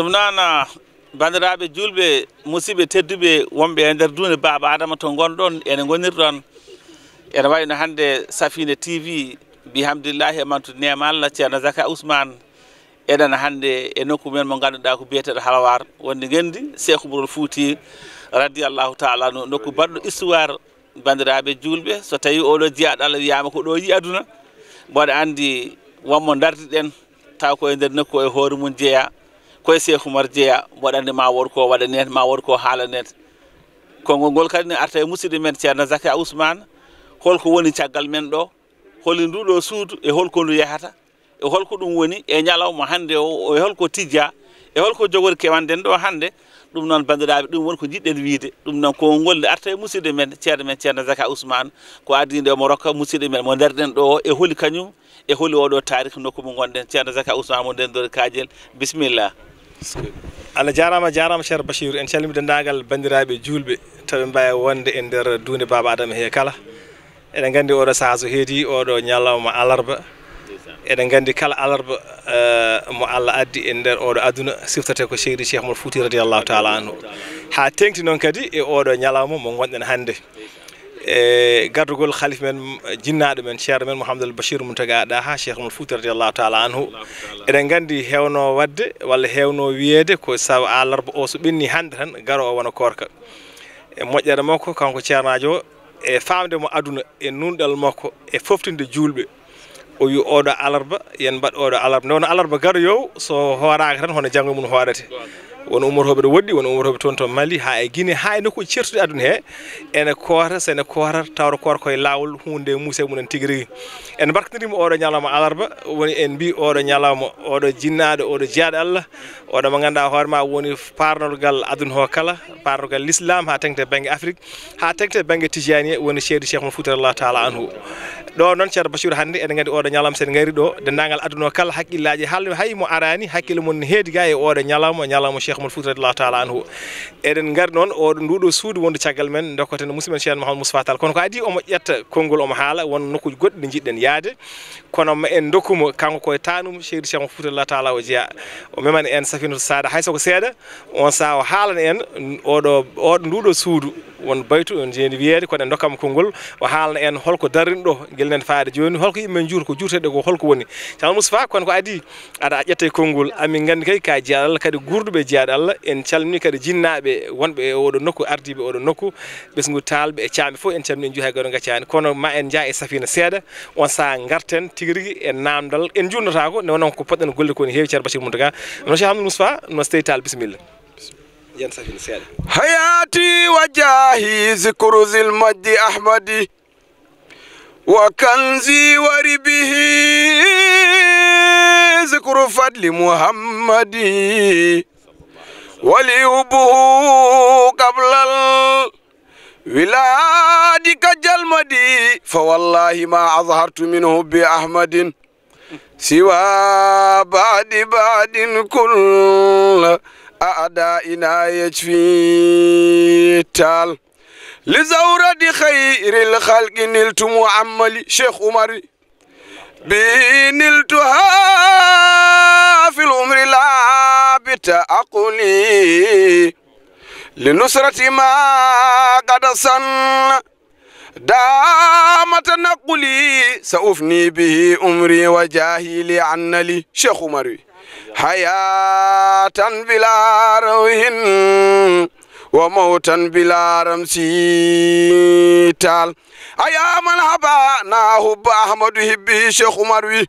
ɗum noon bandiraɓe julɓe musibɓe tedduɓe wonɓe e nder duunde baaba adama to gonɗon ene ngonirɗon ene wayno hannde safina tv bihamdillahi e mantude nema allah ceerno zaka ousmane eɗen hannde e nokku men mo ganduɗa ko biyeteɗo halawar wonde ngenndi cheikh bourol fouti radiallahu taala no nokku baɗɗo histoire bandiraɓe julɓe so tawi oɗo jiyaɗo allah wiyama ko ɗo yi aduna mboɗa anndi wonmo dardiɗen taw koye nder nokku e hoore mum jeeya koye cheikh oumar jeeya waɗande ma wonko waɗa nete ma wonko haala nete konngol ngol kadi ne arta e musidɗo men ceerno zakia ousmane holko woni caggal men ɗo holi nduɗo suudu e holko ndu yahata e holko ɗum woni e ñalawma hannde o e holko tijja e holko jogori kewanden ɗo hannde ɗum noon banndiraaɓe ɗum woni ko jiɗɗen wiide ɗum noon ko ngolde arta e musidɗo men ceerno men ceerno zaka ousmane ko adi nde omo e rokka musidɗo men mo nderɗen ɗo e holi kañum e holi oɗo tarik nokku mo gonɗen ceerno zaka ousmane mo ndendori kaajel bisimilla allah jarama jarama ceero bachirou en calmi dendagal bandiraɓe julɓe taɓe mbawi wonde e nder duunde baba adama he kala eɗen gandi oɗo saaha so heedi oɗo ñalawma alarba eɗen gandi kala alarba eh, mo allah addi e nder oɗo aduna siftate ko seydi cheikh mol fouti radiallahu taala anhu ha tengti noon kadi e oɗo ñalawma mo gonɗen hannde gardugol e, gadugol men jinnaɗo men ceerno men mouhamadoul bachir moutaga ɗaha cheikh mol fouti radiallahu taala anhu eɗen gandi hewno wadde walla hewno wiyede ko saw alarba o so ɓenni hande tan garo o wona korka e moƴƴere makko kanko ceernajo o e famde mo aduna e nunɗal makko e foftinde julɓe o wi oɗo alarba yen mbaɗ oɗo alarba nde won alarba garoyow so hooraka tan hono janggo mum hoorete won ummotoɓe ɗo woɗɗi won ummotoɓe toon to mali ha e gine ha e nokkuji certu adun he ene koota sene koota tawro koota koy lawol hunde musa e mun tigri rigui en barkadirima oɗo nyalama alarba woni en bi oɗo nyalama oɗo jinnaade oɗo jeyaɗo alla oɗo ma ganda horma woni parnolgal adun ho kala parnolgal islam ha tengte bangi afrique ha tengte bangi tijani woni ceedu cheikh mo allah taala anhu do non ceerno bashir hande. en ngadi oɗo nyalama sen ngari do dendagal aduna o kala haqqillaji hal hay mo arani hakkille mun heedi ga e nyalama nyalama cheikh Mohamed Fouta Allah taala anhu eɗen gari noon oɗo nduɗo suudu wonde caggal men dokkaten e musidmen cheikh Mohamed Mustafa tal kono ko adi omo ƴetta konngol omo haala won nokku goɗɗi ɗi yaade kono ma en dokkuma kanko koye tanum cheikh cheikh Mohamed Fouta Allah taala o jeeya o memani en safinu saada haysoko seeɗa on sa o haalana en oɗo oɗo nduɗo suudu won baytu on jeni wiyeede kono en dokkama konngol o haalana en holko darrini ɗo guelnen faade joni holko yimɓe juuta ko juurtede ko holko woni ceerno mousfa kono ko adi aɗa ƴetta e konngol ngandi kay ka jeeya kadi gurdube jeeya jaade allah en calmini kadi jinnaɓe wonɓe e oɗo nokku ardiɓe oɗo nokku ɓesgu taalɓe e caamɓe fof en calmini en juha e gaɗo gaccani kono ma en jaa e safina seeɗa on saaha garten tigui rigui e namdal en jurnotako nde wonon ko poɗɗen golle ko ne heewi ceerno bacir moutaga no cheikh hamdoul mousfa no so taal bisimilla yen safina seeɗa hayati wa jahi zicrosil majdi ahmadi wa kanzi wa ribihi zicro fadli mouhammadi وليوبه قبل الولاد كجلمدي فوالله ما أظهرت منه بأحمد سوى بعد بعد كل أعدائنا يجفي تال لزورة خير الخلق نلت معملي شيخ عمر بنلتها في الأمر لا ثبت عقلي لنصرة ما قد سن دام تنقلي سأفني به أمري وجاهلي عن لي شيخ مروي حياة بلا روهن وموتا بلا رمسي تال أيا من هبا ناهب أحمد هبي شيخ مروي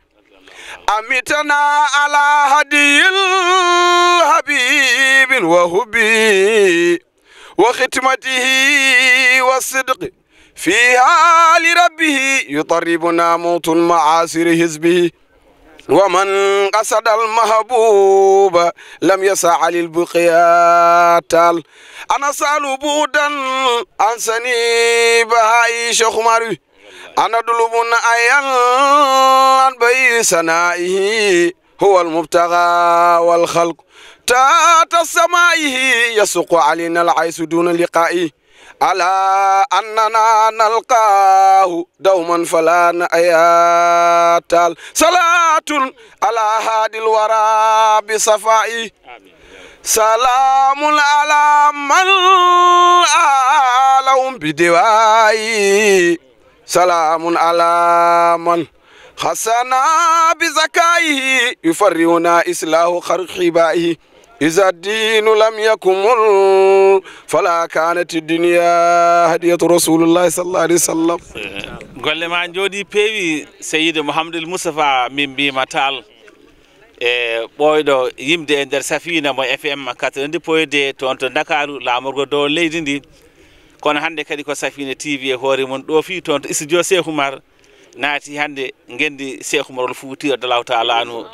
أمتنا على هدي الحبيب وهبي وختمته والصدق فيها لربه يطربنا موت المعاصر حزبه ومن قصد المحبوب لم يسع للبقيات أنا سالو بودا انسني سني بهاي شخمري ana dulumun ayan bay sanaihi huwa almubtaga walxalq taata samaihi yasuqu alina alaysu duna liqa'i ala annana nalqaahu dawman fala na ayatal salatun ala haadil wara bi safai salaamun ala man alawum bidiwayi سلام على من حسنا بزكائه يفرعنا إسلاه خرخبائه إذا الدين لم يكمل فلا كانت الدنيا هدية رسول الله صلى الله عليه وسلم golle ma jooɗi peewi seyide mouhamadou moustapha min mbima taal e ɓoyɗo yimde e nder safina mo fm 90 poyde toon to dakaru laamorgo dow leydi ndi kono hannde kadi ko safina tv e hoore mon ɗo fi toon to studio cheikh oumar naati hannde ngenndi cheikh oumar ol fuutiro dalaw taala o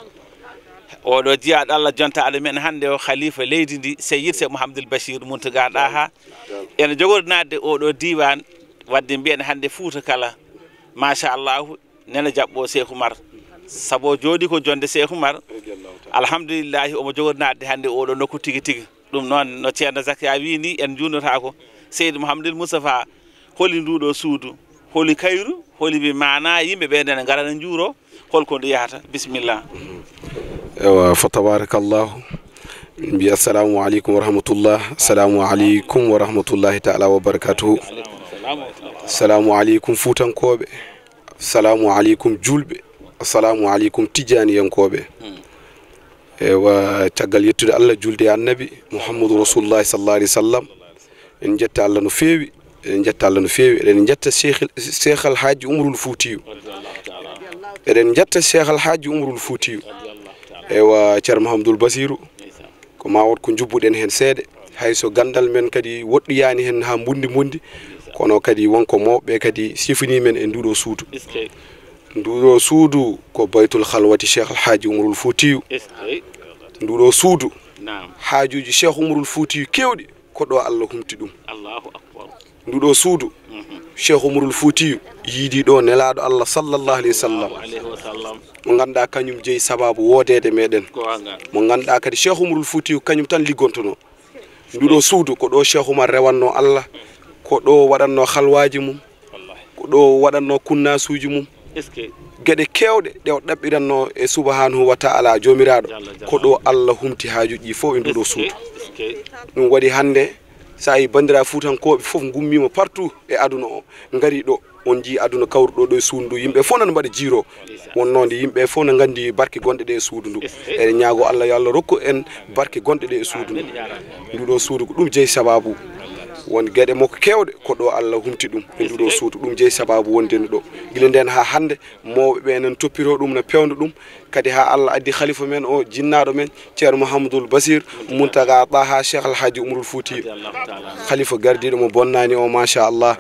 oɗo jiyaɗo allah jonta aɗa men hannde o khalifa leydi ndi seyid cheikh mouhamadoul bachir muntaga ha ene jogori naatde oɗo diwan wadde mbiyen hannde fuuta kala machallahu nene jaɓɓo cheikh oumar sabo jooɗi ko jonde cheikh oumar alhamdulillahi omo jogori naatde hannde oɗo nokku tigi tigi ɗum noon no ceerno zakia wi ni en junnotako seydi mouhamadil moustapha holi nduɗo suudu holi kayru holi ɓe mana yimɓe ɓeɗe ne gara ne juuro holko nde yahata bisimillah ewa fo tabarakallahu mbi assalamu aleykum wa rahmatullah assalamu aleykum wa rahmatullahi taala wa barakatuhu assalamu aleykum fuutankoɓe assalamu aleykum julɓe assalamu aleykum tijaniyankoɓe ewa caggal yettude allah julde annabi mouhamadou rasulullahi sallah alih w sallam en jetta allah no feewi en jetta allah no feewi eɗen jetta sekhal haaji umrul fuutiyo eɗen jetta sekhal haaji umrul fuutiyo ewa ceerno mahamadou basirou ko ma wot ko jubbuɗen hen seeɗa hayso gandal men kadi woɗɗoyani hen ha bundi mundi kono kadi wonko mawɓe kadi men e nduɗo suudu nduɗo suudu ko baytul halwati cheikh alhaji umrul fuutiyo nduɗo suudu haajuji cheikh umrul fuutiyo kewɗi koɗo allah humti ɗum nduɗo suudu mhm. cheikh umarul fotiyu yiidiɗo nelaɗo allah sallllahu alayhi wa sallam mo ganduɗa kañum jeeyi sababu woodede meɗen mo ganduɗa kadi cheikh umarul fotiyu kañum tan liggontono nduɗo suudu ko ɗo cheikh umar rewanno allah ko ɗo waɗanno halwaji mum ko ɗo waɗanno kunnasuji mum gueɗe kewɗe ɗe o ɗaɓɓiranno e subahanahu wa taala jomiraɗo ko ɗo allah humti hajuji ɗi fo e nduɗo suudu ɗum waɗi hannde so yi banndiraa fuutankooɓe fof ngummiima partout e aduna o ngarii ɗo on njiyi aduna kawru ɗo ɗo e suudu ndu yimɓe fof nana mbaɗa jiiroo won noonde yimɓe fof no nganndi barke gonɗe ɗe e suudu ndu eɗen ñaago allah yo allah rokku en barke gonɗe ɗe e suudu ndu nduɗo suudu ko ɗum jeyi sababu won gueɗe makko kewɗe ko ɗo allah humti ɗum e nduɗo suudu ɗum jeeyi sababu wondeni ɗo guila nden ha hande mawɓe ɓe enen toppito ɗum no pewda ɗum kadi ha allah addi khalifa men o jinnaɗo men ceerno mouhamadoul basir muntaga taha cheikh alhaji umrul fouti khalifa gardiɗo mo bonnani o machallah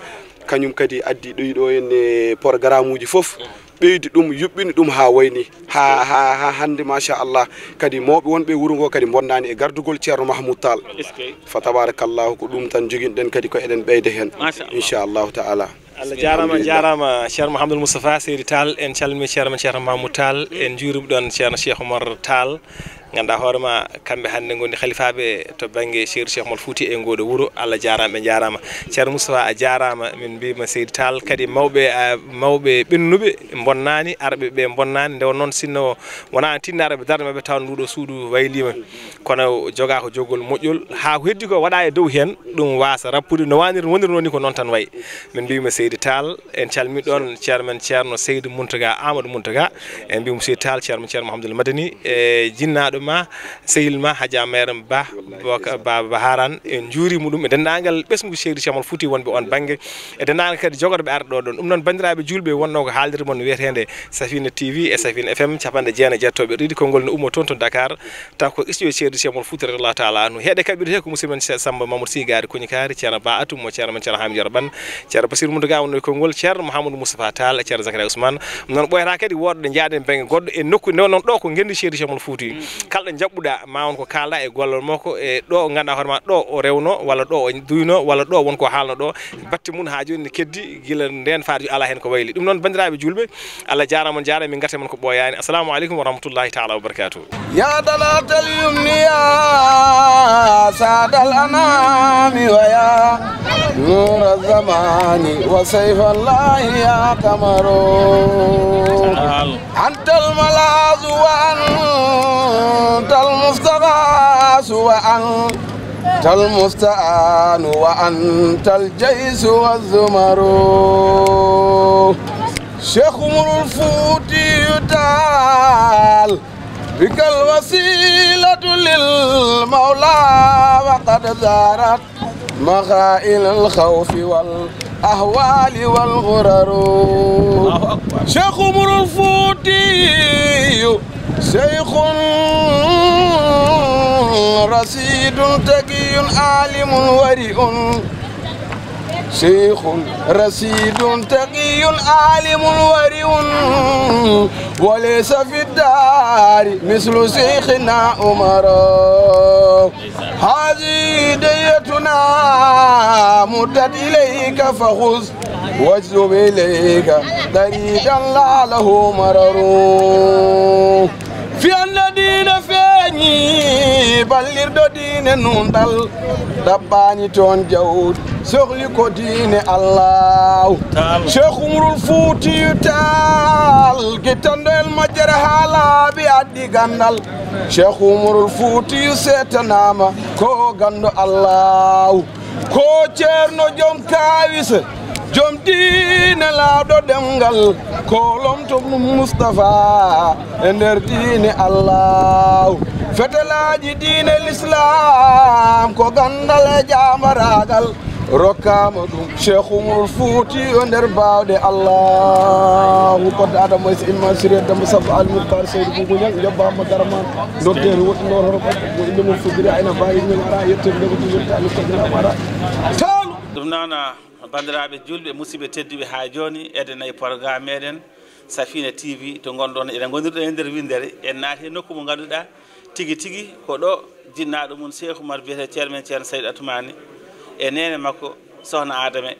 kañum kadi addi ɗoyiɗo henne programme uji foof ɓeydi ɗum yuɓɓini ɗum ha wayni ha ha ha hannde machallah kadi mawɓe wonɓe wuro ngo kadi bonnani e gardugol ceerno mahmoud tall fa tabarakallahu ko ɗum tan joguin ɗen kadi ko eɗen ɓeyde hen inchallahu taala allah jarama jarama ceerno mahamadou moustapha seydi tall en calmini ceerno men ceerno mahmoud tall en juurima ɗon ceerno cheikh oumar tall ganduɗa hoorema kamɓe hannde gondi halifaɓe to banggue cheikh cheikh mol fouti e ngoɗo wuuro allah jarama ɓe jarama ceerno moustapha a jarama min mbima seydi tall kadi mawɓe mawɓe ɓennuɓe bonnani arɓeɓe bonnani nde noon sinno wona tinno araɓe darde mabɓe taw nduɗo suudu waylima kono joga ko jogol moƴƴol ha ko heddi ko waɗa e dow hen ɗum wasa rappude no wanir woniri noni ko noon tan wayi min mbima seydi tall en calmi ɗon ceerno ceerno seydou mountaga amadou mountaga en mbimo seydi tall ceerno men ceerno madani e jinnaɗo baɗo ma sehil ma haja mairen ba baba haran en juurima ɗum e dendagal ɓesgu seydi camol footi wonɓe on banggue e dendagal kadi jogoto ɓe arɗo ɗon ɗum noon bandiraɓe julɓe wonno ko haaldiri moon wiyetede safina tv e safina fm capanɗe jeena e jettoɓe riidi konngol ne ummo toon to dakar taw ko istuo seydi camol footi radiallahu taala anu heeɗe kaɓɓiɗo te ko musidɗo men samba mamadou sigari koni kaari ceerno ba atum mo ceerno men ceerno hamid yoro ban ceerno basir mudou ga wonno e konngol ceerno mouhamadou moussapha tall e ceerno zacary ousmane ɗum noon ɓoyata kadi woɗɗo ɗe jaaɗen bangge goɗɗo e nokku ndewnoon ɗo ko gendi seydi camol footi mm. kalɗo jaɓɓuɗa ma won ko kala e gollal moko e do ganduɗa horma do o rewno wala do o duyno wala ɗo wonko haalno ɗo batte mum ha joni ne keddi gila den faaju ala hen ko wayli non noon julbe julɓe allah mon jara min garte mon ko ɓoyani assalamu alaikum wa rahmatullahi taala wa barakatuhu ya dalatal yumniya sadal anami waya نور الزمان وسيف ya يا ya antal أنت wa anu أنت المستغاث وأنت المستعان وأنت الجيش والزمر شيخ مر الفوتي يتال بك الوسيلة للمولى وقد زارت مغائل الخوف والأهوال والغرر شيخ مر الفوتي شيخ رصيد تقي عالم ورئ شيخ رسيد تقي عالم وري وليس في الدار مثل شيخنا عمر هذه ديتنا مدت إليك فخذ واجذب إليك طريقا الله له مرر في الذين فاني ballirɗo diine nundal ɗaɓɓani toon jawd sohli ko diine allah cheikh umrul fuutiyu tal gittanɗo el majjere ha laaɓi addi gandal cheikh umrul fuutiyu setanama ko gandu allahu ko ceerno joom kaawisa joom diine laaɗo ɗemngal ko lomto mustapha e nder diine allahu fetelaaji dine l'islam ko gandal e jamaragal rokkama dum cheikh umarul fouti o nder bawɗe allahu kodde adama so imma siré dembo sabu almouhtar seydou bougoñal jobba hamma daraman doddere woɗɗinor hono ɓaɗɗo mo illemum fodiri ayna ra yettu dum dum ta toujours tali koddirama ara talu ɗum noon bandiraɓe julɓe musidɓe tedduɓe ha joni ede nayyi programme eden safina tv to gondon e gondirde e der windere en naati e nokku mo ganduda tigi tigi ko ɗo jinnaɗo mum cheikh oumar biyete ceermen ceerno saydi atumani e nene makko sohna adame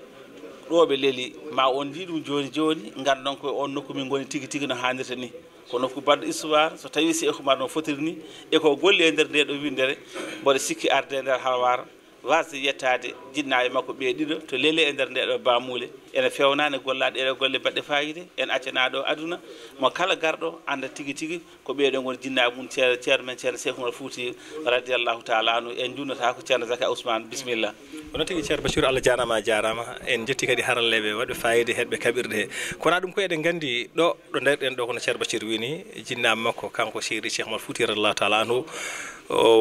ɗo ɓe leeli ma on ndi ɗum joni joni gandon koye on nokku min goni tigi tigi no hannirta ni ko nokku baddo histoire so tawi cheikh oumar no fotiri ni eko golli e nder nde ɗo windere mboɗo sikki arde e nder halwara wasde yettade jinnaɓe makko ɓeeɗiɗo to leeli e nder nde ɗo bamule ene fewnani e gollade ɗe golle mbaɗɗe fayide en accanaɗo aduna mo kala garɗo anda tigui tigui ko ɓeeɗo gon jinnaɓe mum ceer ceerno men ceerno cheikh umar fouti radiallahu taala anu en junnata ko ceerno zaka ousmane bisimilla ono tigui ceerno basiru allah jarama a jarama en jetti kadi haralleɓe waɗɓe fayide heɗɓe kaɓirɗe he kona ɗum ko eɗen gandi ɗo ɗo darɗen ɗo kono ceerno basiru wini jinnaɓe makko kanko seri cheikh umar fouti radiallahu taala anu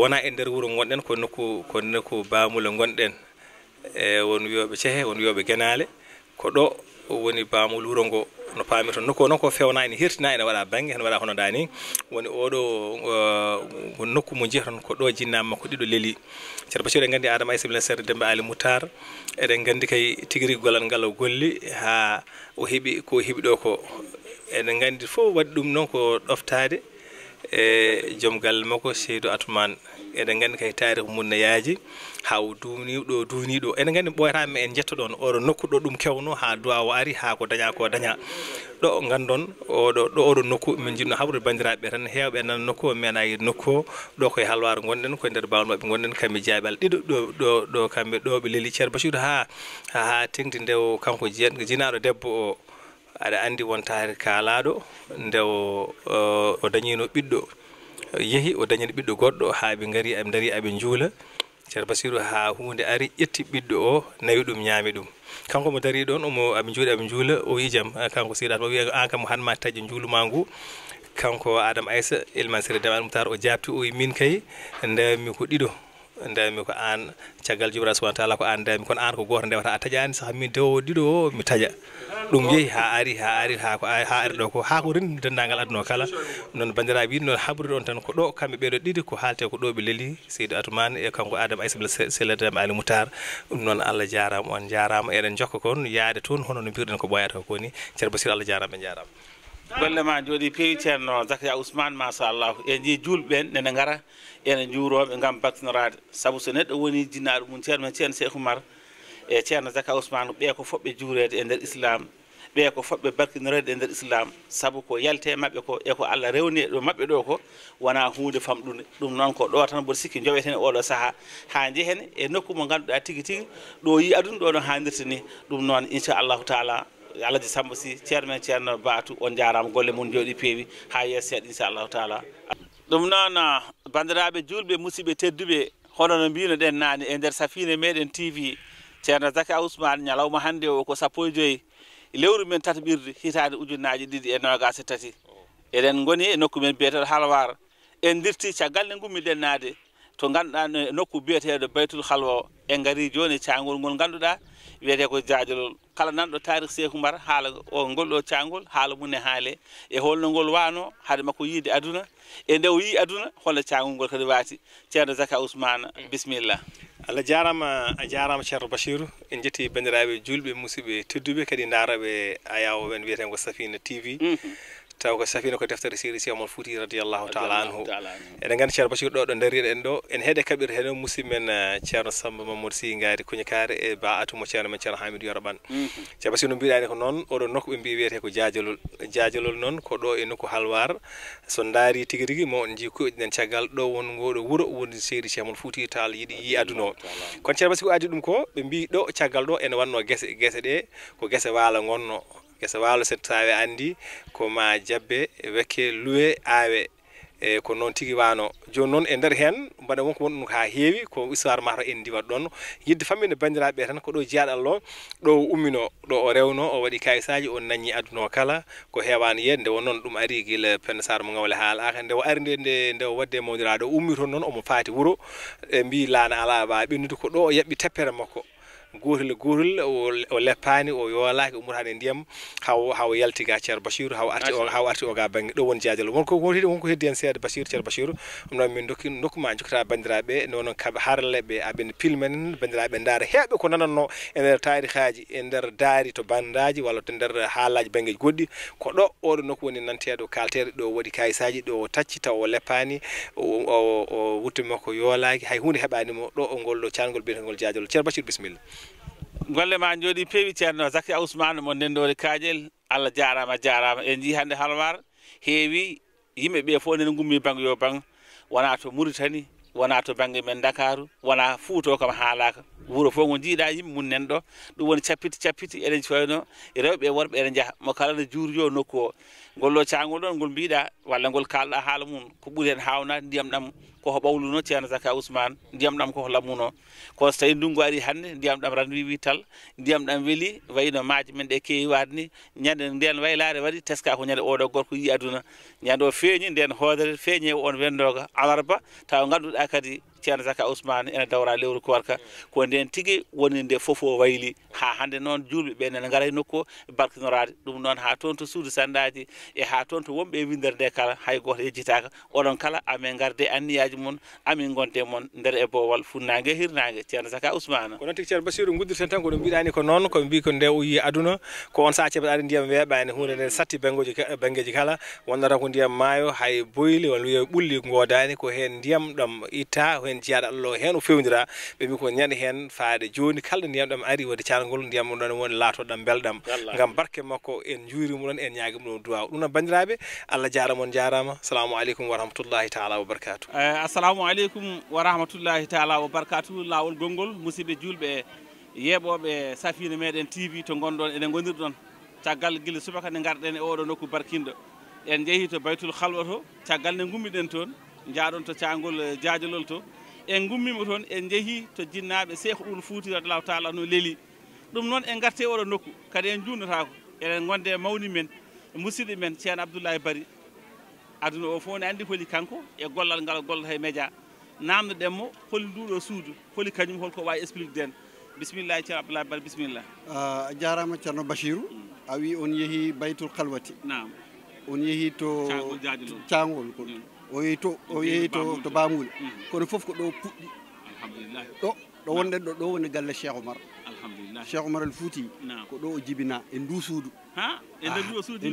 wona e nder wuuro gonɗen ko nokku ko nokku bamule gonɗen e won wiyoɓe cehe won wiyoɓe guenale ko ɗo woni bamol wuro ngo no paami toon nokku o noon ko fewna ene hirtina ene waɗa bange ene waɗa hono dani woni oɗo ko uh, nokku mo jiya toon ko ɗo jinnama makko ɗiɗo leeli ceeɗa bacir eɗen gandi adama aysabila serre dembe ali moutar eɗen gandi kay tigui rigui gollal ngal o golli ha o heeɓi ko heeɓi ɗo ko eɗen gandi fof waɗi ɗum noon ko ɗoftade e joom galle makko seydou atumane eɗen gandi kay tarih mum ne yaaji ha o duuniɗo duuniɗo eɗen gandi ɓoyatama en jetto ɗon oɗo nokku ɗo ɗum kewno ha duwa o ari ha ko daña ko daña ɗo gandon oɗo ɗo oɗo nokku min jinno habrude bandiraɓe tan hewɓe nan nokku o meena yiide nokku o ɗo koye halwaro gonɗen koye nder bawol mabɓe gonɗen kamɓe jaaɓe ala ɗiɗo ɗo ɗo kamɓe ɗo ɓe leeli ceer basiru ha ha tengti ndew kanko jiyanɗo jinaɗo debbo o aɗa anndi won taare kaalaɗo nde eh, o dañino ɓiɗɗo yeehi o dañino ɓiɗɗo goɗɗo haa ɓe ngari ɓe dari aɓe njuula ceerno basiru ha hunde ari ƴetti ɓiɗɗo o nawi ɗum ñaami ɗum kanko mo daari ɗon omo aɓe njuuli aɓe juula o wi ah, kanko siɗatma wiya an kam hanma taƴe njuuluma ngu kanko adama aysa ilman sére dema almoutar o jabti o wi min kay nde mi ko ɗiɗo ndewmi ko an caggal jomiraɗo subhana taala ko an ndewmi kono an ko goto ndewata a taƴani saaha min dewo ɗiɗo o mi taƴa ɗum yeehi ha ari ha ari ha ko ha ari ɗo ko ha ko rendi denndangal aduna o kala noon bandiraɓe yiɗi noon haɓrude on tan ko ɗo kamɓe ɓeɗo ɗiɗi ko haalte ko ɗo ɓe leeli seydou atoumane e kanko adama aysabla seledame ali moutar ɗum noon allah jarama on jarama eɗen jokka kon yaade toon hono no mbirɗen ko ɓoyata koni ceerno basir allah jarama ɓe jarama golle ma jooɗi peewi ceerno zakaria ousmane machallahu e ni juulɓeɓen nene ngara ene juuroɓe gam battinorade saabu so neɗɗo woni jinnaɗo mum ceerno men ceerno cheikh oumar e ceerno zakaria ousmane ɓe e ko foɓɓe juurede e nder islam ɓe ko foɓɓe barkinorede e nder islam saabu ko yalte mabɓe ko eko allah rewni ɗo mabɓe ɗo ko wona hunde famɗude ɗum noon ko ɗo tan mboɗo sikki joweten e oɗo saaha ha jehen e nokku mo ganduɗa tigui tigui ɗo yi aduna ɗo no hannirta ni ɗum noon inchallahu taala alhaji samba sy ceernemen ceerno batou on jarama golle mum jooɗi peewi ha yesso seeɗa inchallahu taala ɗum noon ah, bandiraɓe julɓe musidɓe tedduɓe hono no mbino ɗen nani e nder safine meɗen tv ceerno zaka ousmane ñalawma hannde o ko sappo e joyi lewru men tataɓirde hitande ujunnaji ɗiɗi e nogase tati eɗen goni e nokku men mbiyeteɗo halwar en dirti caggal nde gummiɗen naade to ganduɗa e nokku mbiyeteɗo baytoul halwa o en gaari joni e cagol ngol ganduɗa wiyete ko jaajolol kala nanɗo tarik seeku mbar haala o ngol ɗo caangol haala mum e haale e holno ngol waano hade makko yiide aduna e nde o yii aduna holno caangol ngol kadi waati ceerno zaka ousmane bisimilla allah jaarama a jaarama ceerno bachirou en jetti bandiraaɓe julɓe musidɓe tedduɓe kadi ndaaraɓe ayawo en wiyeten ko safina tv mm -hmm. taw ko safina ko deftere séri siamol fouti radiallahu taala anhu eɗen gandi ceerno bachir ɗo ɗo dariɗo en ɗo en heede kaɓir heno musidɗo men eh, ceerno samba mamadou sy gaari kuñakaare e ba atumo ceerno men ceerno hamidou yoroɓan mhm. ceerno bachir no mbiɗani ko noon oɗo nokku ɓe mbi wiyete ko jaajolol jaajolol noon ko ɗo e nokku halwar so daari tigui rigui ma on jii kuyoɗiɗen caggal ɗo won ngoɗo wuuro woni séri siamol fouti taal yiɗi yi aduna o kono ceerno basi ko addi ɗum ko ɓe mbi ɗo caggal ɗo ene wanno guese guese ɗe ko guese waalo gonno guesa walo set tawi andi ko ma jabbe weke luwe awe e ko noon tigi wano joni noon e nder hen mbaɗa wonko wonɗum ha heewi ko histoire mataw en diwat ɗon yidde famminde bandiraɓe tan ko ɗo jeyaɗal o ɗo ummino ɗo o rewno o waɗi kayisaji o nanñi aduno kala ko heewani yeede nde wonnoon ɗum ari guila penne sar mo gawle haalaka nde o ari nde nde nde o wadde e mawdiraɗo o ummi toon noon omo faati wuuro e mbi laana ala wawa ɓennude ko ɗo o yaɓɓi teppere makko gotel e gotel o leppani o yoolaki ummotani e ndiyam haw haw yalti ga ceerno bachir haw arti haw arti o ga banggue ɗo woni jaadel wonko wonko heddi hen seeɗa bachir ceerno bachir ɗum noon min dokki dokkuma jokkata bandiraɓe noon kaɓe harleɓe aɓene pilmen bandiraɓe daara heɓɓe ko nananno e nder tarihaji e nder daari to bandaji walla to nder haalaji banggueji goɗɗi ko ɗo oɗo nokku woni nanteɗo kalteɗo ɗo waɗi kayisaji ɗo tacci taw o leppani o wutte makko yoolaki hay hunde heɓanimo ɗo ngol ɗo cangol biyetengol jaajol ceer bachir bisimilla golle ma jooɗi peewi ceerno zaki ousmane mo ndendori kaaƴel allah jaarama jaarama en jii hannde halwar heewi yimɓe ɓe fof enen gummi bang yo bang wona to mauritani wona to banggue men dakaru wona fuuto kam haalaka wuuro fof ngo jiiɗa yimɓe mum nan ɗo ɗum woni cappiti cappiti eɗen coyno e rewɓe worɓe eɗen jaaha mo kala no juurjo nokku o ngollo cangol ɗon ngol mbiɗa walla ngol kalɗa haala mum ko ɓuuri hen hawnade ndiyam ɗam ko ɓawluno ceerno zaka ousmane ndiyam ɗam koko lammuno ko so tawi ndunngu ari hannde ndiyam ɗam ran wiwi tal ndiyam ɗam weeli no maaje men ɗe keewi waade ni ñande nden waylaare waɗi teska ko ñande oɗo gorko yi aduna ñande o feeñi nden hoodere feeñe on wenndoga alarba tawa ngannduɗa kadi ceerno zaka ousmane ene dawra lewru kowarka ko nden tigui woni nde foof o wayli ha hande noon julɓe ɓe nene gara e nokku o barkinorade ɗum noon ha toon to suudu sandaji e ha toon to wonɓe nde kala hay goto yejjitaka oɗon kala amin garde anniyaji mon amin gonde mon nder e bowal funnague e hirnague ceerno zaka ousmane ko noon tigui ceerno basirou guddirten tan koɗo mbiɗani ko noon koɓe mbi ko nde o yi aduna ko on saha ceɓeɗa ndiyam weeɓani hunde nde satti bangguji banggueji kala wonnata ko ndiyam maayo hay boyli walla wiye ɓulli godani ko hen ndiyam ɗam itta hen en jiyaɗo allah hen o fewdira ɓemi ko ñande hen faade joni kalɗo ndiyam ɗam ari wadde caangol ndiyam ɗon woni latoɗam belɗam gam barke makko en juurimu ɗon en ñaagi ɗum duwa ɗum no bandiraɓe allah jarama on jarama assalamu aleykum wa rahmatullahi taala wa barkatu eh, assalamu aleykum wa rahmatullahi taala wa barkatu lawol gongol musidɓe julɓe yeɓoɓe safina meɗen tv to gonɗon eɗen gonirɗon caggal guila subaka nde garɗen e oɗo nokku barkinɗo en jeehi to baytul halwa to caggal nde gummiɗen toon jaɗon to caagol eh, jajolol to en gummima toon en jeehi to jinnaɓe seeko ɗum fuutirat law taala no leeli ɗum noon en garte oɗo nokku kadi en juunnotako eɗen gonde mawni men e musidɗo men ceerno abdoullahi bari aduna o fof ne andi holi kanko e gollal ngal gollata e média namdoɗen mo holi nduɗo suudu holi kañum holko wawi explique den bisimillahi ceerno abdoullahi bari bisimilla ah, a jarama ceerno bachiru a wi on yeehi baytoul kalwati nam on yeehi to cagol jadi cagol hmm. o yeeyi to o yeeyi to to bamuli mm. kono foof ko ɗo puɗɗi alhamdulillah ɗo ɗo wonɗen ɗo ɗo woni galle cheikh omar alhamdulillah cheikh omar al fouti ko ɗo o jibina e ndusudu hae ndu ndusudu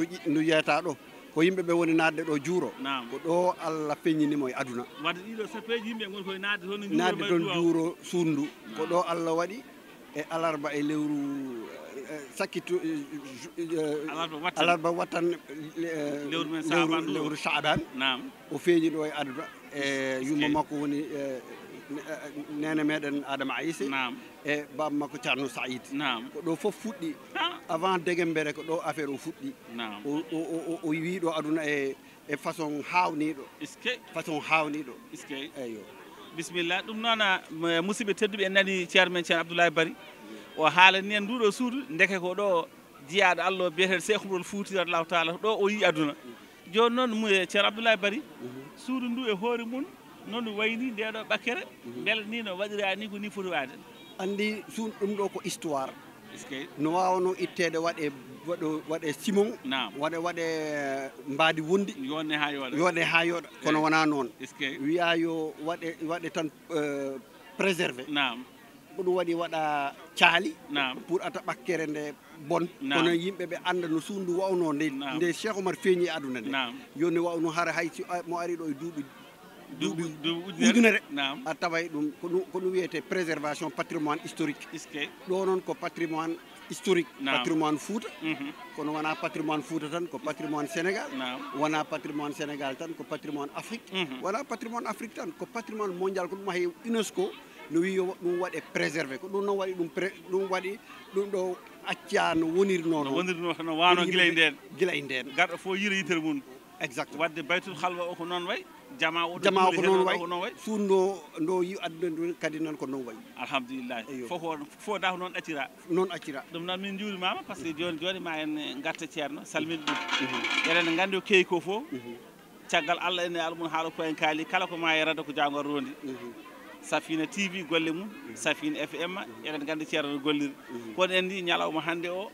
e ah, ndu e yeyata ɗo ko yimɓe ɓe woni naatde ɗo juuro ko ɗo allah peññinima e aduna wadde ɗiɗo sappeji yimɓe gon koye naatde toon e naatde toon juuro suudu ndu ko ɗo allah waɗi e alarba e lewru sakkitu eh, eh, eh, alarba wattan lewru chaban o feeñi ɗo e aduna e yumma makko woni e, e, nene meɗen adama aissé e baba makko carno saïd ko ɗo foof fuɗɗi avant degembere ko ɗo affaire o fuɗɗi o wiɗo aduna e e façon hawniɗo façon hawniɗo eyyo bisimilla ɗum noon musidɓe tedduɓe en nani ceerno men ceerno abdoulahy bari o haalani en nduɗo suudu ndeke ko ɗo jiyaɗo allah biyeten sekhoubol fouti allahu taala ɗo o yii aduna joni noon e ceero abdoulahi bari suudu ndu e hoore mum noon ɗu wayni ndeɗo ɓakkere beele ni no waɗirani ko ni foti wade andi suudu ɗum ɗo ko histoire no wawano ittede waɗe waɗo waɗe simon waɗe waɗe mbadi wondi yone ha yooɗa yoɗe ha yooɗa kono wona noon wiya yo waɗe waɗe tan euh, préservé ko ɗum waɗi waɗa caali pour ata ɓakkere nde bon kono yimɓe ɓe annda no suundu wawno nde nde cheikh omar feeñi e aduna nde yoni wawno hara hay mo ari ɗo e duuɓi ujunere a taway ɗum ko ɗum wiyete préservation patrimoine historique ɗo noon ko patrimoine historique patrimoine fouta mhm. kono wona patrimoine fouta tan ko patrimoine sénégal wona patrimoine sénégal tan ko patrimoine afrique mhm. wona patrimoine afrique tan ko patrimoine mondial ko ɗum hay unesco no wi ɗum waɗe préservé ko ɗum noon waɗi ɗum ɗum waɗi ɗum ɗo acca no wonirnono wonirnono wano guila e nden guila e nden garɗo fo yira yitere mum exact wadde baytul halwa o ko noon way jama o jama ko noon way noon way suutno ndo yi adduna ndu kadi noon ko noon way alhamdulillahi foko fo da ko noon accira noon accira ɗum noon min juurimama par ce que joni joni ma en garta ceerno salmini ɗum mhm. eɗen gandi o keyi ko fo mhm. caggal allah ene almum haala ko en kaali kala ko ma e radda ko jangor rondi mhm. safina tv golle mum safina fm eɗen gandi ceerno gollir kono en ni ñalawma hannde o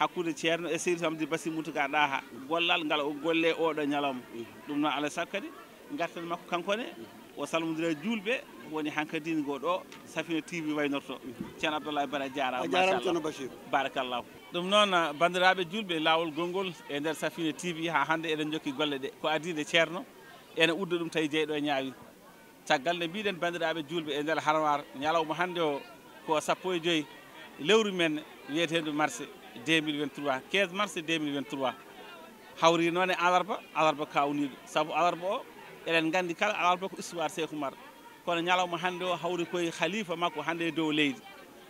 hakkude ceerno e sehil samdi basi moutouka ɗaha gollal ngal o golle oɗo ñalawma ɗum noon alaa sago kadi gartan makko kankone o salmodira julɓe woni hankadini go ɗo safina tv waynorto ceerno abdoullahi bara jaramaaaceerno bacir barakallahu ɗum noon bandiraɓe julɓe lawol gongol e nder safina tv ha hannde eɗen jokki golle ɗe ko adide ceerno ene udda ɗum tawi jeeyɗo e ñaawi caggal nde mbiɗen bandiraɓe julɓe e ndeer harwar ñalawma hannde o ko sappo e joyi lewru men wiyetedu marché 2023 15 marché 2023 hawri noon e alarba alarba kawniɗo saabu alarba o eɗen gandi kala alarba ko histoire seykou mar kono ñalawma hannde o hawri koye halifa makko hannde e dow leydi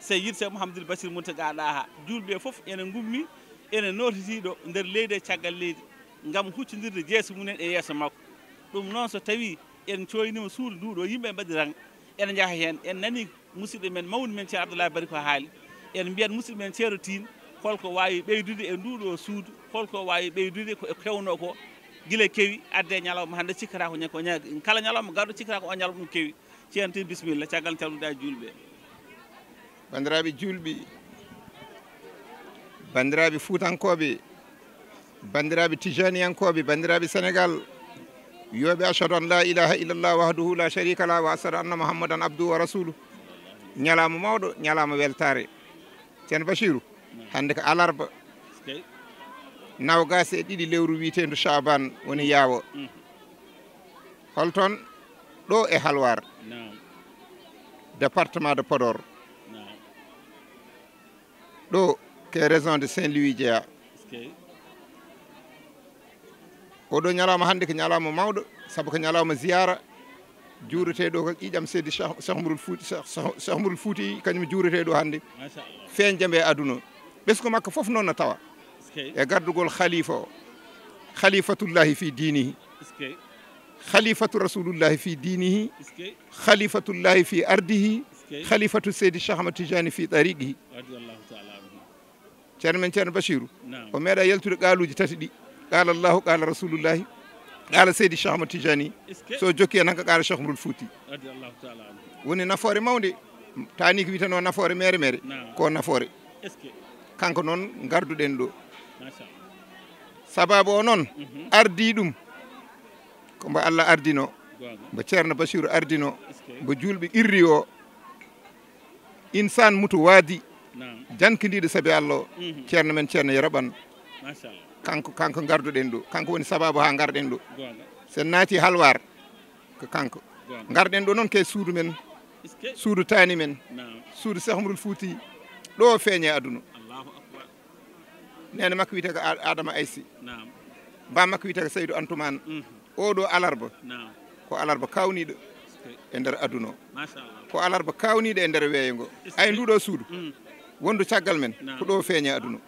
sey yit sey mouhamadoul basir mountagaɗa ha julɓe e fof ene gummi ene notitiɗo nder leydi e caggal leydi gam huccodirde jeeso mumen e yeeso makko ɗum noon so tawi en coynima suudu nduɗo yimɓe mbaɗiran ene jaaha hen en nani musidɗo men mawni men ceer abdoulahi bari ko haali en mbiyat musidɗo men ceero tin holko wawi ɓeydude e nduɗo suudu holko wawi ɓeydude ko e kewno ko guila kewi adde e ñalawma hande cikkata ko ko kala ñalawma garɗo cikkata ko o ñalawma ɗum kewi ceen tin bisimilla caggal calluɗa e julɓe bandiraɓe julɓi bandiraɓe fuutankoɓe bandiraɓe tijaniyankoɓe bandiraɓe sénégal wiyoɓe achadu an la ilaha illallah wahduhu la sharika la wa asadu anna mouhammadan abduhu wa rasulu ñalama mawɗo ñalama weltare ceerno bachirou hande ko alarba nawgas e ɗiɗi lewru witendu chaban woni yaawo holton ɗo e halwar département de podor ɗo ke raison de saint louis jeya okay. oɗo ñalama hannde ko ñalama mawɗo saabu ko ñalama ziyara juureteɗo ko ƴiƴam seedi chahmbrul fouti chahmbrul fouti kañum e juureteɗo hannde feen jambe e aduna ɓesgo makko fof noon no tawa e gardugol khalifa o khalifatullahi fi dinihi khalifatu rasulullahi fi dinihi khalifatullahi fi ardihi khalifatu seydi chahma tijani fi tariqihi ceerno men ceerno bachirou o meeɗa yaltude gaaluji tati ɗi qala allahu qala rasulullahi qala seydi chahma tijani so jokki e nanka qala chahmrul fouti woni nafoore mawde tani ko witano nafoore mere mere ko nafoore kanko noon garduɗen ɗo sababu o noon ardi ɗum kombo allah ardino mbo ceerno bachir ardino mbo julɓe irri o insan mutu waadi jankidiɗo saabi allah o ceerno men ceerno yaraɓan machallah kanko kanko garduɗen ɗo kanko woni sababu ha garɗen ɗo sen naati halwar ko kanko garɗen ɗo noon kay suudu men suudu taani men suudu sehmrul fouti ɗo feeñe aduna nene makko wiyete ko adama aysi ba makko wiyete ko saydou antoumane mhm. oɗo alarba ko alarba kawniɗo e nder aduna o ko alarba kawniɗo e nder weeyo ngo ay nduɗo suudu mhm. wondu caggal men ko ɗo feeñe aduna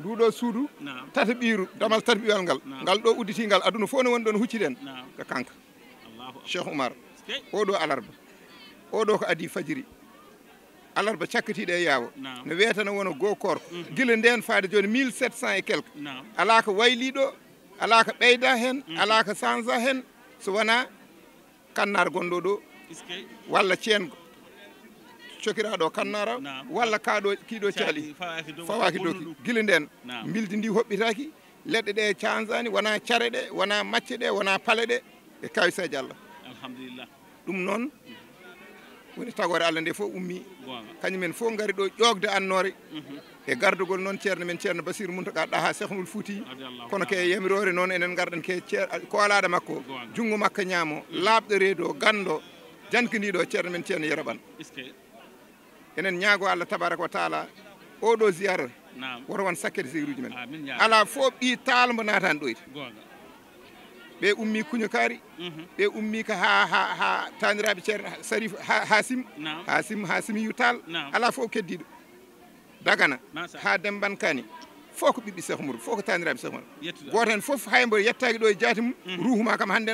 nduɗo suudu tata ɓiiru damal tata ɓiwal ngal ngal ɗo udditingal aduna fof no woni ɗon hucciɗen ko kanka cheikh oumar oɗo alarba oɗo ko adi fajiri alarba cakkatiɗe e yaawo no wiyeteno wona goo korko mhm. gila nden faade joni 1700 et quelque ala ko wayliɗo ala ko ɓeyda hen mhm. ala ko change hen so wona kannar gonɗo ɗo walla ceengo cokiraɗo kannara walla kaaɗo kiiɗo cali fawaki doki guila nden bildi ndi hoɓɓitaki leɗɗe ɗe cansani wona care ɗe wona macce ɗe wona paale ɗe e kawisaji allah alhamdulillah ɗum noon woni tagore allah nde foof ummi kañumen fof gari ɗo ƴogde annore mhm. e gardugol noon ceerno men ceerno basir muntoka ɗaha sehnul fouti kono ke yamirore noon enen garɗen ke koolaɗo makko junngo makko ñaamo mhm. laaɓɗo reedo gando jankindiɗo ceerno men ceerno yeroɓan enen ñaago allah tabaraka wa taala oɗo ziyara woto won sakkede ji men ala foof ɓi taal mo natani ɗoyde ɓe ummi kuño kaari mhm. ɓe ummi ka ha ha ha taniraɓe ceerno sarif hasim hasim hasim taal ala foof keddiɗo dagana ha dembankani fof ko ɓiɓɓi cheikh mouro fof ko taniraɓe cheikh mouro goto hen foof haymbo yettaki ɗo e jaati mum mhm. ruhuma kam hande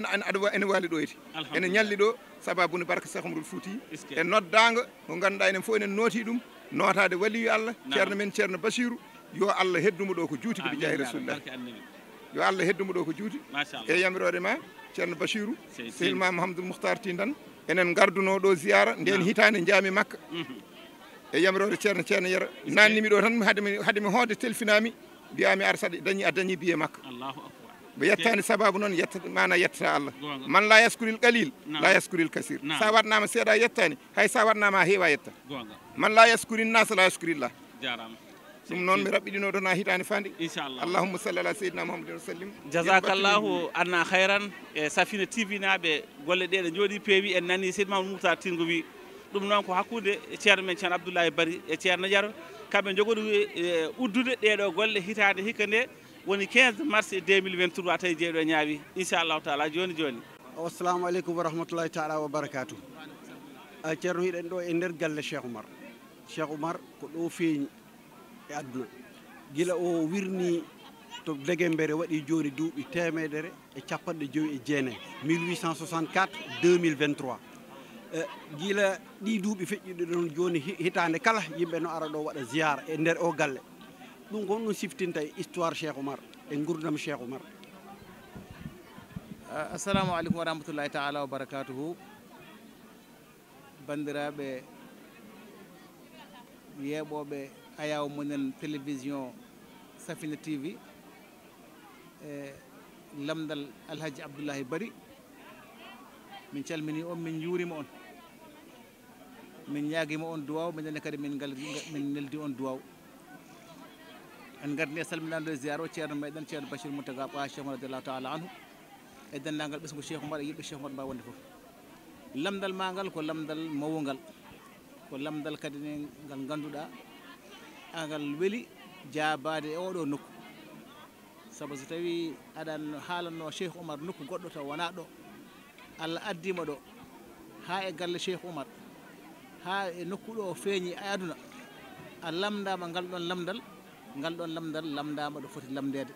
ene wali ɗoyti ene ñalli ɗo sababu ne barka cheikh mouro fouti e noddago ko ganduɗa enen foof enen nooti ɗum notade waliyu allah ceerno men ceerno basiru yo allah heddumo ɗo ko juuti kiɓe jaahi rasulillah yo allah heddumo ɗo ko juuti e yamiroɗe ma ceerno basiru sehilma mouhamadoul mouhtar ti dan enen garduno ɗo ziyara nden hitande jaami makka mhm. e yamrode ceerno ceerno yero nannimi ɗo tan hademi hademi hoode telfinami mbiyami ar saɗa dañi a dañi biye makko mbo yettani sababu noon yetta mana yettata allah man la yaskuril qalil la yaskuril kasir sa watnama seeɗa yettani hay sa watnama a heewa yetta man la yaskurin nasa la yaskurillah ɗum noon mi raɓɓiɗino ɗon ha hitani fandi inchallah allahumma salli ala seydina mouhamadin wa sallim jasakallahu anna hayran e safina tv naɓe golle ɗe ɗe jooɗi peewi en nani seydi mamadou moutar tingo wi ɗum noon ko hakkude e ceerno men ceerno abdoullahi bari e ceerno yaro kamɓe jogori e, e, uddude ɗeɗo golle hitade hikka nde woni 15 mars 2023 tawi jeeɗo ñaawi inchallahu taala joni joni assalamu aleykum wa rahmatullahi taala wa barakatu a ceerno hiɗen ɗo e nder galle cheikh oumar cheikh oumar ko ɗo feeñi e aduna gila o wirni to degembere waɗi jooni duuɓi temedere e capanɗe joyi e jeenayi 1864 2023 gila ɗi duuɓi feƴƴiɗe ɗon jooni hitaande kala yimɓe no ara ɗo waɗa ziyara e ndeer o galle ɗum ko honɗum siftinta e histoire cheikh oumar e gurdam cheikh oumar assalamu aleykum wa rahmatullahi taala wa barakatuhu bandiraɓe yeeɓoɓe ayaw munen télévision safina tv e lamdal alhaji abdoullahi bari min calmini on min juurima on min ñaaguima on duwaw min nani kadi min gal min neldi on duwaw en gardini e salminaɗo e ziyara o ceerno meɗen ceerno bachir moutaga ɓa cheikh mod radiallahu taala anhu e denndangal ɓesngo cheikh mbaɗa e yiɓɓe cheikh mbaɗa mbawi wonde foof lamdal ma ngal ko lamdal mawungal ko lamdal kadi ne ngal ngannduɗa agal weeli jaabade e oɗo nokku sabu so tawi aɗan haalanno cheikh oumar nokku goɗɗo taw wona ɗo allah addima ɗo ha e galle cheikh oumar ha e nokkuɗo o feeñi e aduna a lamdama ngal ɗon lamdal ngal ɗon lamdal lamdama ɗo foti lamdede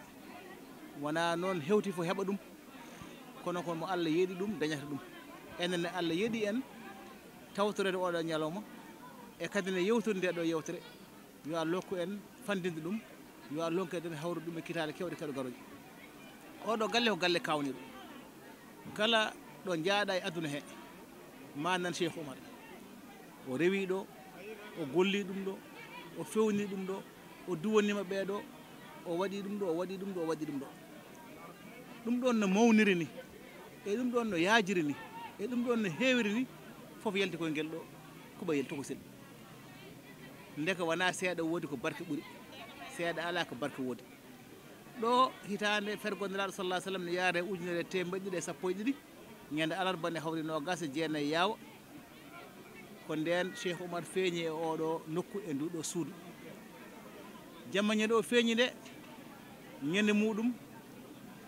wona noon hewti fo heɓa ɗum kono ko mo allah yeeɗi ɗum dañata ɗum enenne allah yeeɗi en tawtorede oɗo ñalawma e kadi ne yewtori nde ɗo yewtere yo a lokku en fandinde ɗum yo a lonkede ne hawru ɗum e kitale kewɗe kaɗo garoji oɗo galle ko galle kawniɗo kala ɗo jaaɗa e aduna he ma nan cheikh oumar o rewi ɗo o golli ɗum ɗo o fewni ɗum ɗo o duwonima ɓeeɗo o waɗi ɗum ɗo o waɗi ɗum ɗo o waɗi ɗum ɗo ɗum ɗon no mawniri ni e ɗum ɗon no yaajiri ni e ɗum ɗon no heewiri ni fof yalti koye ngel ɗo koɓa yalti ko sel ndeka wona seeɗa woodi ko barke ɓuri seeɗa ala ko barke woodi ɗo hitande fergondiraɗo sallah sallam ne yaare ujunere e temɓe ɗiɗi e sappo e ɗiɗi ñande alarba nde hawrinoo gas e jeenayi e yaawa ko ndeen cheikh oumar feeñi e ooɗoo nokku e nduu ɗoo suudu jamma ñande oo feeñi nde ñande muuɗum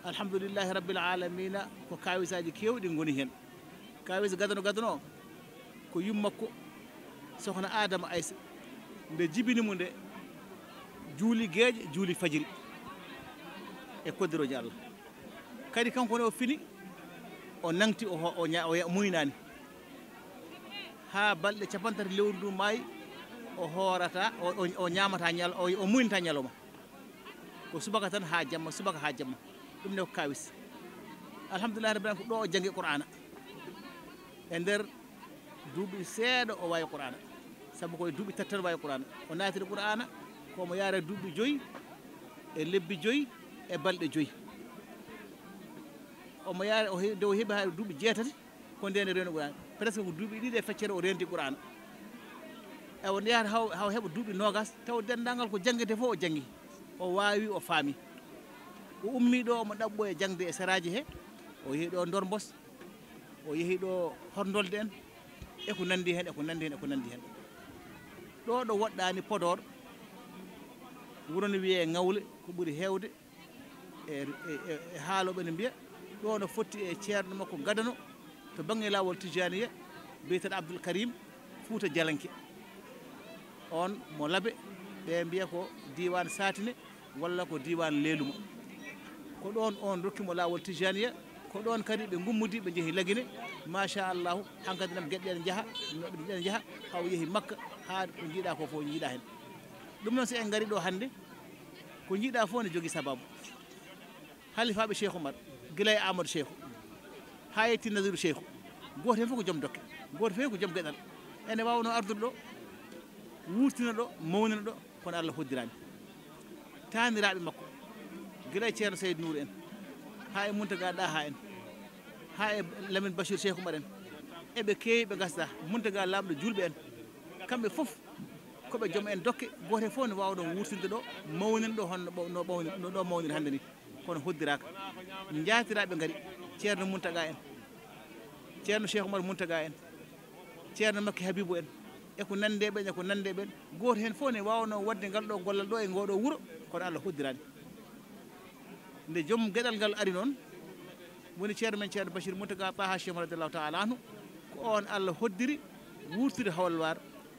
alhamdulillahi rabbil alamina ko kaawisaaji keewɗi ngoni heen kaawis gadano gadano ko yummakko sohna adama aysa nde jibini mu nde juuli geeƴe juuli fajiri e koddiroje allah kadi kanko ne o fini o nangti o muynaani haa balɗe capantati lewru ndu maayi o hoorata o ñaamata ñal o muynata ñaloma ko subaka tan haa jamma subaka haa jamma ɗum ne ko kawis alhamdulillah rabbi ko ɗo o jange qur'ana e ndeer duuɓi seeɗa o wawi qur'ana sabu koye duuɓi tattan wawi qur'ana o naatiri qur'ana komo yaare duuɓi joyi e lebbi joyi e balɗe joyi omo yaare o dow heɓi haa duuɓi jeetati ko ndeni rewni qur'ana presque ko duuɓi ɗiɗi e feccere o rendi qur'an e o ndeyata haw haw heɓa duuɓi nogas taw denndangal ko jangguete fof o jangi o wawi o faami o ummi ɗo omo ɗaɓɓo e jangde e séraji he o yehi ɗo dormbos o yehi ɗo horndolde en eko nandi hen eko nandi hen eko nandi hen ɗo ɗo woɗɗani podor wurono wiye ŋawle ko ɓuri heewde e, e, e, e haaloɓe ne mbiya ɗo no fotti e ceerno makko gadano to bange lawol tijaniye mbiyeten abdoul karim fouta dialanke on mo laabe ɓe mbiya ko diwan satine walla ko diwan leluma ko ɗon on rokkimo lawol tijaniya ko ɗon kadi ɓe gummudi ɓe jeehi lagine machallahu hankkadi nam gueɗe ɗe jaaha ɓe jiɗe jaaha haw yeehi makka ha ko jiiɗa ko foof jiiɗa hen ɗum noon si en gari ɗo hande ko jiiɗa foof ne jogui sababu halifaɓe cheikh oumar guila e amadou cheikhou هايتي نذير شيخ غور فيكو جم دوك غور فيكو جم غدال اني واو نو اردو لو ووتينا لو مونينا لو كون الله فودران تان راب مكو غلا تشير سيد نور ان هاي مونتا غادا هاين هاي لمن بشير شيخو مارن ابي كي بغاسا مونتا غا لامدو جولبن كامبي فوف كوبا جم ان دوك غور فون واو دو ووتينا دو مونينا دو هون نو بو نو دو مونينا هاندي كون هودراك نجاتي راب غاري ceerno muntaga en ceerno cheikh oumar muntaga en ceerno makke habibou en eko nande ɓen eko nande ɓen goto hen fof ne wawno wadde ngal ɗo gollal ɗo e ngoɗo wuuro kono allah hoddirani nde joom gueɗal ngal ari noon woni ceerno men ceerno bachir muntaga paha cheikhmo radiallahu taala anu ko on allah hoddiri wurtude halwar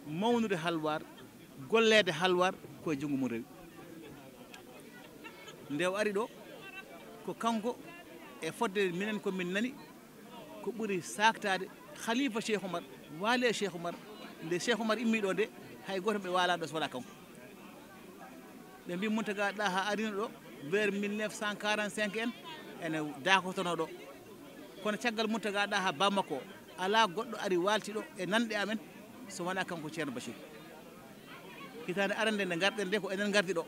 mawnude halwar gollede halwar koye jungngo mum rewi nde o ari ɗo ko kanko e fodde minen komin nani ko ɓuri saktade khalifa cheikh oumar waali e cheikh oumar nde cheikh oumar immi ɗo nde hay goto ɓe walaɗo so waɗa kanko ɓe mbi montaga ɗa ha arino ɗo vers 1945 en ene dakotono ɗo kono caggal montaga ɗa ha bammakko ala goɗɗo ari waltiɗo e nanɗe amen so waɗa kanko ceerno bacir hitande arande nde garɗen nde ko enen gardi ɗo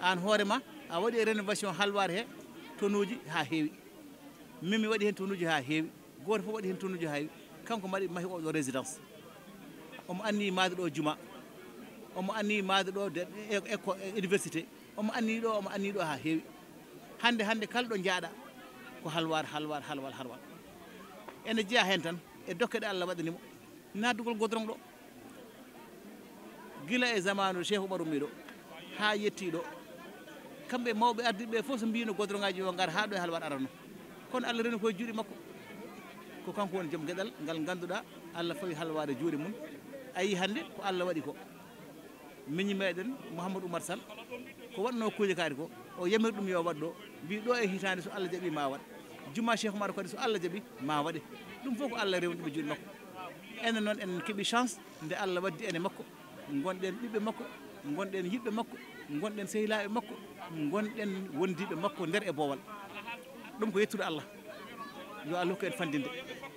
an hoorema a waɗi e rénovation halwar he tonnuji haa heewi min mi waɗi heen tonnuji haa heewi gooto fof waɗi heen tonnuji haa heewi kanko mbaɗi mahi oɗo résidence omo anniyi maade ɗo juma omo anniyi maade ɗo e-, éco e université omo anniyi ɗo omo anniyi ɗo haa heewi hannde hannde kala ɗo njaaɗa ko halwar halwar halwar halwar ene jeya heen tan e dokke ɗe allah waɗanimo naddugol godron ɗo gila e zamanu chef oumarumiɗo haa yettii ɗo kamɓe mawɓe ardiɓe ɓe fof so mbino godron ngaji o ngar haɗo e halwaɗ arano kono allah reni koye juuɗe makko ko kanko woni joom gueɗal ngal ganduɗa allah fawi halwade juuɗe mum ayi hande ko allah waɗi ko miñi meɗen mouhamadou oumar sall ko waɗano kuuje kaari ko o yamir ɗum yo waɗɗo mbi ɗo e hitande so allah jaaɓi ma waɗ juma cheikh oumar kadi so allah jaaɓi ma waɗe ɗum fof ko allah rewni ɗum e juuɗe makko enen noon enen keeɓi chance nde allah waddi ene makko gonɗen ɓiɓɓe makko gonɗen yiɓɓe makko gonɗen sehilaɓe makko gonɗen wondiɓe makko nder e bowal ɗum ko yettude allah yo allah hokku en fandinde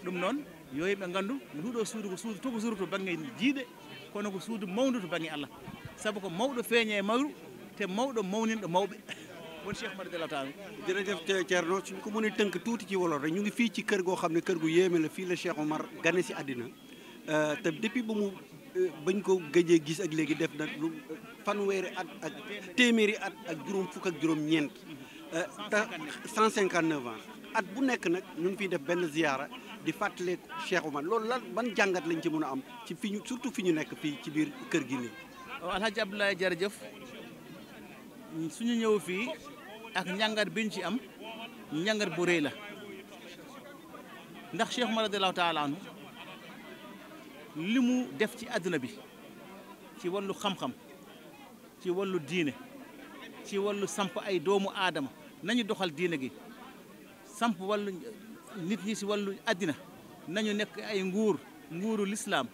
ɗum noon yo yimɓe gandu nduɗo suudu ko suudu to ko suudu to bangge jiiɗe kono ko suudu mawdu to bangge allah saabu ko mawɗo feeña e mawru te mawɗo mawninɗo mawɓe won cheikh mada delatano jerejef ceerno ko moni tënk tuuti ci wolol rek ñu ngi fii ci kër goo xam ne kër gu yéeme la fii la cheikh omar gane si addina euh, te depuis ba mu Euh, bañ ko gëjee gis ak léegi def na lu euh, fanweeri at ak téeméeri at juróom fukk ak juróom ñeent euh, te 159 ans at bu nekk nag ñu ngi fiy def benn ziyaara di fàttaleeku Cheikh Oumar loolu lan ban jàngat lañu ci mën a am ci fi ñu surtout fi ñu nekk fii ci biir kër gi nii. waaw Alhaji Abdoulaye jërëjëf suñu ñëw fii ak njàngat biñ ci am njàngat bu rëy la ndax Cheikh Oumar radiyallahu taala anhu li mu def ci àdduna bi ci wàllu xam-xam ci wàllu diine ci wàllu samp ay doomu aadama nañu doxal diine gi samp wàllu nit ñi ci wàllu àddina nañu nekk ay nguur nguuru lislaam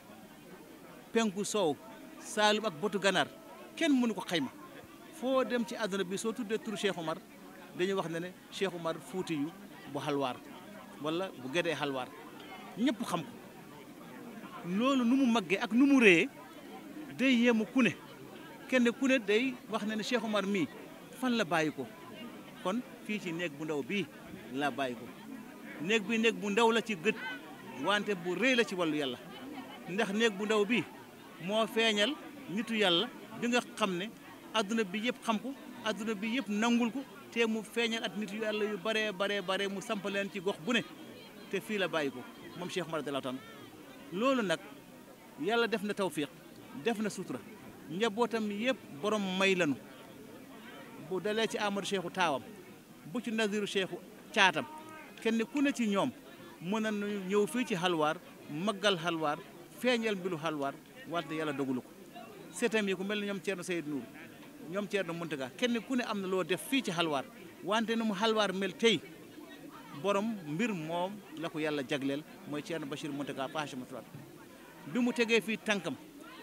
penku soow saalum ak botu ganaar kenn mënu ko xayma foo dem ci àdduna bi soo tuddee turu Cheikh Omar dañuy wax ne ne Cheikh Omar fuuti yu bu xalwaar wala bu gedee xalwaar ñëpp xam loolu nu mu màggee ak nu mu réyee day yéemu ku ne kenn ku ne day wax ne ne Cheikh Omar mii fan la bàyyi ko kon fii ci néeg bu ndaw bii la bàyyi ko néeg bi néeg bu ndaw la ci gët wante bu rëy la ci wàllu yàlla ndax néeg bu ndaw bi moo feeñal nitu yàlla bi nga xam ne adduna bi yëpp xam ko adduna bi yëpp nangul ko te mu feeñal at nitu yàlla yu baree baree bare mu samp leen ci gox bu ne te fii la bàyyi ko moom Cheikh Omar radiyallaahu loolu nag yàlla def na tawfiq def na sutura njabootam yëpp borom may lanu bu dalee ci Amadou Cheikhou taawam bu ci Naziru Cheikhou caatam kenn ku ne ci ñoom mën a ñëw fii ci xalwaar maggal xalwaar feeñal mbilu xalwaar wante yàlla dogalu ko setam yi ku mel ni ñoom Thierno Seydou Nour ñoom Thierno muntaga kenn ku ne am na loo def fii ci xalwaar wante nu mu xalwaar mel tey borom mbir moom la ko yàlla jagleel mooy Thierno Bachir Mountaga page ma tulat bi mu tegee fii tànkam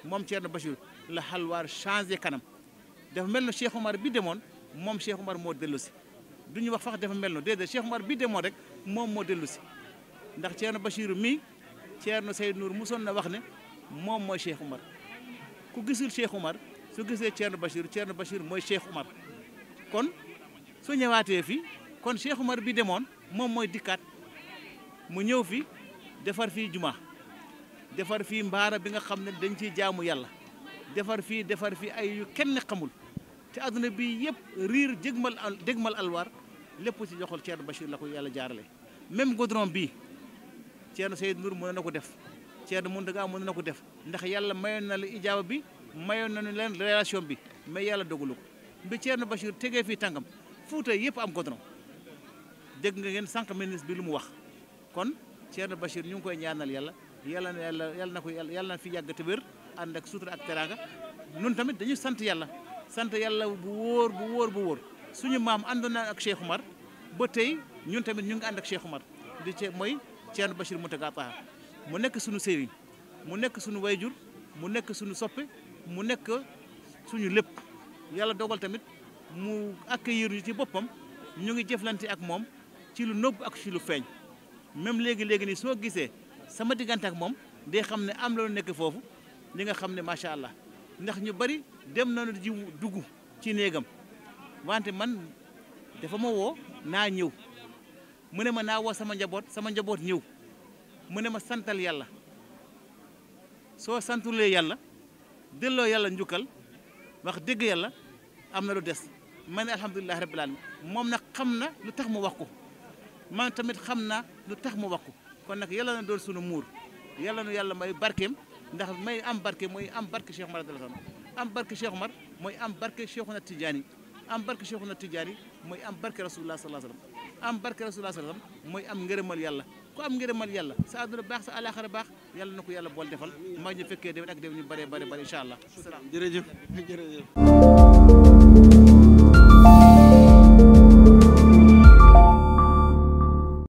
moom Thierno Bachir la xalwaar changé kanam dafa mel na Cheikh Omar bi demoon moom Cheikh Omar moo dellusi si du ñu wax fax dafa mel na déedéet Cheikh Omar bi rek moom moo dellu si ndax Thierno Bachir mii Thierno Seydou Nour mosoon na wax ne moom mooy Cheikh Omar ku gisul Cheikh Omar su gisee Thierno Bachir Thierno Bachir mooy Cheikh Omar kon su ñëwaatee fii kon Cheikh Omar bi demoon moom mooy dikkaat mu ñëw fi defar fi juma defar fii mbaara bi nga xam ne dañ ciy jaamu yàlla defar fii defar fii ay yu kenn xamul te àdduna bi yëpp riir jégmal al jégmal alwaar lépp ci joxol Thierno Bachir la ko yàlla jaarale même goudron bii Thierno Seydou Nour mën na ko def Thierno Moundaga mën na ko def ndax yàlla mayoon na la ijaaba bi mayoon na nañu leen relation bi mais yàlla dogalu ko bi Thierno Bachir tegee fii tàngam Fuuta yëpp am goudron deg nga ngeen sank ministre bi lu mu wax kon cheikh bashir ñu ngi koy ñaanal yalla yalla na yalla yàlla na ko yàlla na fi te and ak sutura ak teranga nun tamit dañu sant yalla sant yalla bu wóor bu wóor bu wóor suñu mam andona ak Cheikh Oumar ba tay ñun tamit ñu ngi and ak Cheikh Oumar di ci moy cheikh bashir Mountaga ta mu nek suñu sëriñ mu nek suñu wayjur mu nek suñu soppe mu nek suñu lepp yalla dogal tamit mu accueillir ñu ci bopam ñu ngi ak mom ci lu nëbb ak ci lu feeñ même léegi-léegi nii soo gisee sama diggante ak moom day xam ne am la lu nekk foofu li nga xam ne macha allah ndax ñu bari dem nañu jiw dugg ci néegam wante man dafa ma woo naa ñëw mu ne ma naa woo sama njaboot sama njaboot ñëw mu ne ma santal yàlla soo santulee yàlla delloo yàlla njukkal wax dëgg yàlla am na lu des ma ne alhamdulilah rabbil alamin moom nag xam na lu tax mu wax ko man tamit xamna lu tax mu wax kon nak yàlla na dool sunu mur yàlla nu yàlla may barkem ndax may am barke moy am barke Cheikh Omar radiyallahu am barke Cheikh Omar moy am barke Cheikhuna Tidiane am barke Cheikhuna Tidiane moy am barke rasulullah sallallahu alayhi wasallam am barke rasulullah sallallahu alayhi wasallam moy am ngeureumal yàlla ku am ngeureumal yàlla sa àdduna baax sa alakhir baax yàlla nako yàlla bol defal ma ñu fekke dem ak dem ñu bare bare bare inshallah allah. jerejeuf jërëjëf.